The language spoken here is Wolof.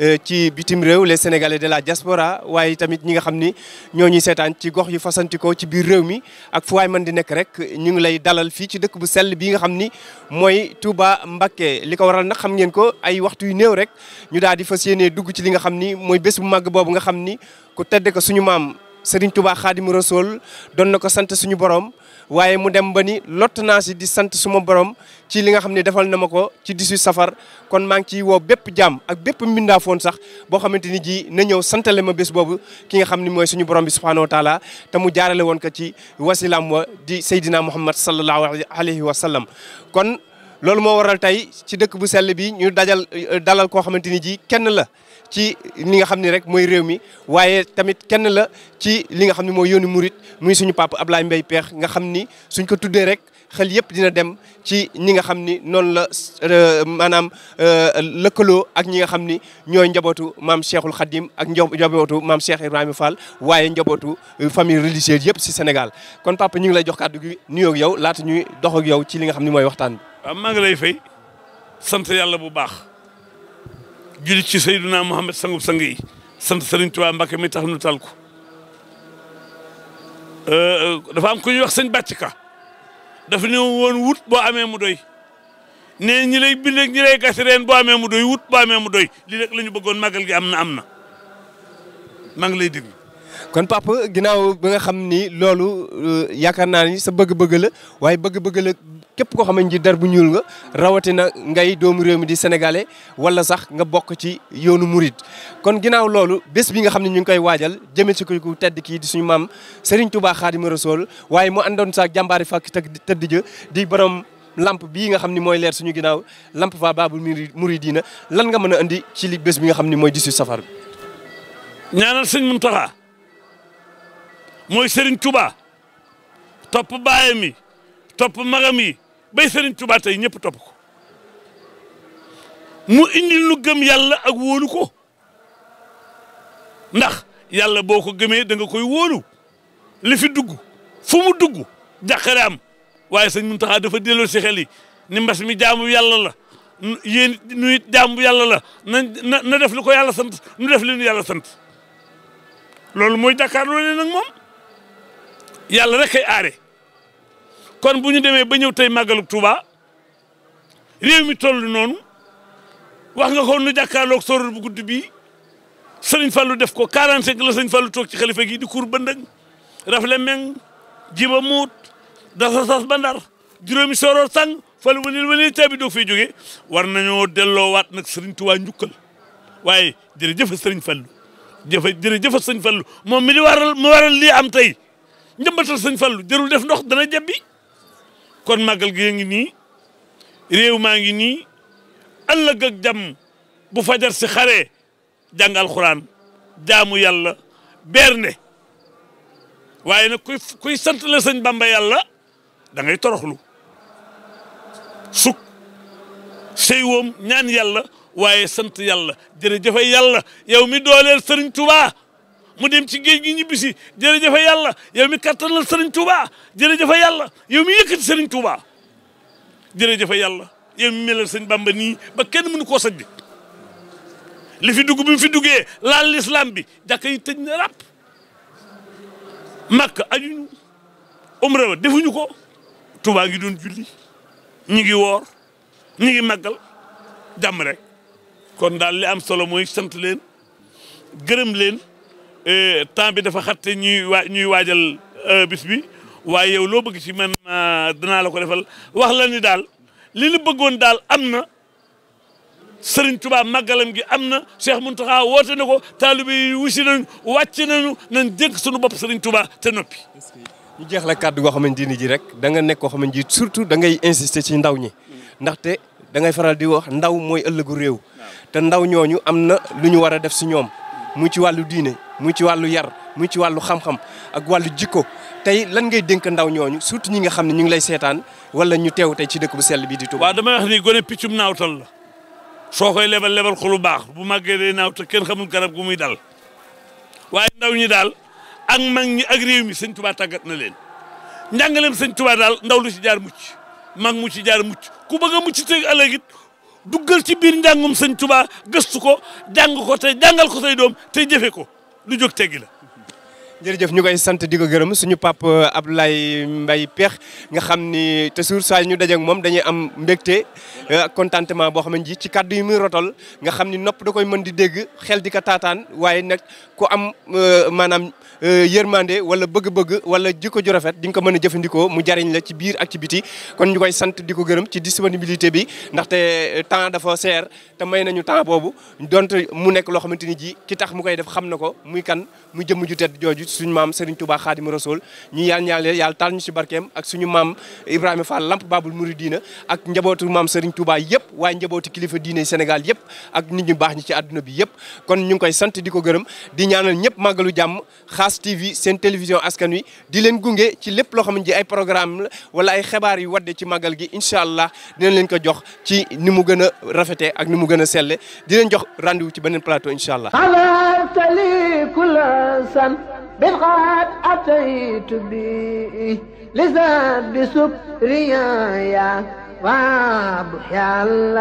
Euh, ci bitim réew le sénégalais de la diaspora waaye tamit ñi nga xam ni ñoo ñuy seetaan ci gox yu fasantikoo ci biir réew mi ak fu waay mën di nekk rek ñu ngi lay dalal fii ci dëkk bu sell bi nga xam ni mooy tuba Mbacké li ko waral na xam ngeen ko ay waxtu yu néew rek ñu daal di fas yéenee dugg ci li nga xam ni mooy bés bu màgg boobu nga xam ni ku tedd ko suñu maam Serigne Touba Xaadimu Rasuul doon na ko sant suñu borom waaye mu dem ba ni lott naa si di sant suma borom ci li nga xam ne defal na ma ko ci 18 safar kon maa ngi ciy woo bépp jaam ak bépp mbindaa foon sax boo xamante ni ji na ñëw santale ma bés boobu ki nga xam ne mooy suñu borom bi subhaanahu wa taala te mu jaarale woon ko ci wasilaam wa di Seydina Muhammad sallallahu alayhi wa sallam kon loolu moo waral tey ci dëkk bu sell bi ñu dajal dalal koo xamante ni ji kenn la ci ni nga xam ni rek mooy réew mi waaye tamit kenn la ci li nga xam ni mooy yooni murit muy suñu papa Ablaye mbay peex nga xam ni suñ ko tuddee rek xel yëpp dina dem ci ñi nga xam ni noonu la euh, maanaam euh, lëkkaloo ak ñi nga xam ni ñooy njabootu maam Cheikhul Khadim ak njabootu maam Cheikh Ibrahima Fall waaye njabootu euh, famille religieuse yëpp si Sénégal kon papa ñu ngi lay jox kàddu gi nuyoo yow laata ñuy dox ak yow ci li nga xam ni mooy waxtaan bi. waaw maa ngi lay fay bu baax. julit ci Seyduna Muhammad sangub sang yi sant Sëriñ Tuubaa Mbàkke mi tax nu tal ko euh, euh, dafa am ku ñuy wax sëñ bàcc ka dafa ne woon wut boo amee mu doy nee ñi lay bind ak ñi lay gasi reen boo amee mu doy wut boo amee mu doy lii rek la ñu bëggoon màggal gi am na am na maa ngi lay déglu. kon papa ginnaaw bi nga xam ni loolu euh, yaakaar naa ni sa bëgg-bëgg la waaye bëgg-bëgg la. képp koo xam ne njiit der bu ñuul nga rawatina ngay doomu réew mi di sénégalais wala sax nga bokk ci yoonu murit kon ginnaaw loolu bés bi nga xam ne ñu ngi koy waajal jëmee ci ku tedd kii di suñu maam Serigne Touba Xaadimu Rasuul waaye mu àndoon saak jàmbaari fàkk tëdd ja di borom lamp bii nga xam ne mooy leer suñu ginnaaw lamp fa baabul muridiina lan nga mën a indi ci li bés bi nga xam ni mooy 18 safar bi. ñaanal sëñ Muntaxa mooy sëriñ Touba topp baayam yi topp magam yi bay Serigne Touba tey ñëpp topp ko mu indil nu gëm yàlla ak wóolu ko ndax yàlla boo ko gëmee da nga koy wóolu li fi dugg fu mu dugg jàqare am waaye sëñ Muntaxa dafa delloo si xel ni mbas mi jaamu yàlla la yéen nu it jaamu yàlla la na def li ko yàlla sant nu def li nu yàlla sant loolu mooy jàkkaarloo ne nag moom yàlla rek kay aare kon bu ñu demee ba ñëw tey màggalu Touba réew mi toll noonu wax nga ko nu jàkkaarloog sorol bu gudd bii sëriñ fallu def ko 45 la sëñ Fallou toog ci xalifa gi di kuur bëndëg rafle meng jiba muut dasa sas ba ndar juróomi sooroor sang falu wanil wanil caabi doog fay jógee war nañoo delloowaat nag sëriñ Touba njukkal waaye jërëjëf sëriñ Fallou jëf jërëjëf sëñ Fallou moom mi di waral mu waral lii am tey njëmbatal sëñ Fallou jërul def ndox dana jebbi kon màggal gi ngi nii réew maa ngi nii ëllëg ak jàmm bu fajar si xaree jàng alxuraan jaamu yàlla berne waaye nag kuy kuy sant sëñ Bamba yàlla dangay ngay toroxlu suk sëy woom ñaan yàlla waaye sant yàlla jërëjëfe yàlla yow mi dooleel sëriñ Tuubaa mu dem ci géej gi ñibbisi jërëjëf yàlla yow mi kattanal Serigne Touba jërëjëf yàlla yow mi yëkkati Serigne Touba jërëjëf yàlla yow mi melal sëñ Bamba nii ba kenn mënu koo sajj li fi dugg bi mu fi duggee laal l'islam bi jàkka yi tëj na ràpp Makka ajuñu umra wa defuñu ko Touba ngi doon julli ñi ngi woor ñi ngi màggal jàmm rek kon daal li am solo mooy sant leen gërëm leen Euh, temps bi dafa xatte ñuy waa ñuy waajal euh, bis bi waaye yow loo bëgg ci man danaa la ko defal wax la ni daal li ñu bëggoon daal am na sëriñ Touba màggalam gi am na Cheikh Mountakha woote na ko taalibe yi wusi nañu wàcc nañu nañ dénk suñu bopp sëriñ Touba te noppi. ñu jeex la kàddu goo xamante ni ji rek da nga nekk koo xamante ni surtout da ngay insister ci ndaw ñi ndaxte da ngay faral di wax ndaw mooy ëllëgu réew te ndaw ñooñu am na lu ñu war a def si ñoom mu ci wàllu diine. muy ci wàllu yar muy ci wàllu xam-xam ak wàllu jikko tey lan ngay dënk ndaw ñooñu surtout ñi nga xam ne ñu ngi lay seetaan wala ñu teew tey ci dëkk bu sell bi di waa dama damay wax ni gone piccum naawtal la soo koy lebal lebal ko lu baax bu màggee day naaw te kenn xamul garab gu muy dal waaye ndaw ñi daal ak mag ñi ak réew mi sëñ Touba tàggat na leen njàngaleem sëñ Touba daal ndaw lu ci jaar mucc mag mu ci jaar mucc ku bëgg mucc te ëllëg it duggal ci biir njàngum sëñ Touba gëstu ko jàng ko tey jàngal ko tey doom tey jëfe ko lu jóg teggi la. jërëjëf ñu koy sant di ko gërëm suñu pap Abdoulaye Mbaye Pekh nga xam ni te suur saa ñu daje ak moom dañuy am mbégte euh, contentement boo xam ne ji ci kàddu yi muy rotol nga xam ni nopp da koy mën di dégg xel di ko taataan waaye nag ku am euh, maanaam. Euh, yërmande wala bëgg-bëgg wala jikko ju rafet dinga ko mën a jëfandikoo mu jariñ la ci biir ak ci biti kon ñu koy sant di ko gërëm ci disponibilité bi ndaxte euh, temps dafa seer te may nañu temps boobu donte mu nekk loo xamante ni ji ki tax mu koy def xam na ko muy kan muy jëmm ju tedd jooju suñu maam Serigne Touba Xaadimu Rasuul ñu yàlla ñaale yàlla ñu si barkeem ak suñu maam Ibrahima Fall Lamp Babul Mouridina ak njabootu maam Serigne Touba yëpp waaye njabootu kilifa diine Sénégal yëpp ak nit ñu baax ñi ci àdduna bi yëpp kon ñu ngi koy sant di ko gërëm di ñaanal ñëpp màggalu jàmm ASTV seen télévision askan wi di leen gunge ci lépp loo xam ne ay programme la wala ay xebaar yu wadde ci màggal gi incha allah dinañ leen ko jox ci ni mu gën a ak ni mu gën a selle di leen jox rendez-vous ci beneen plateau incha allah. بالغاد أتيت بي لذات بسكريا يا رب يا الله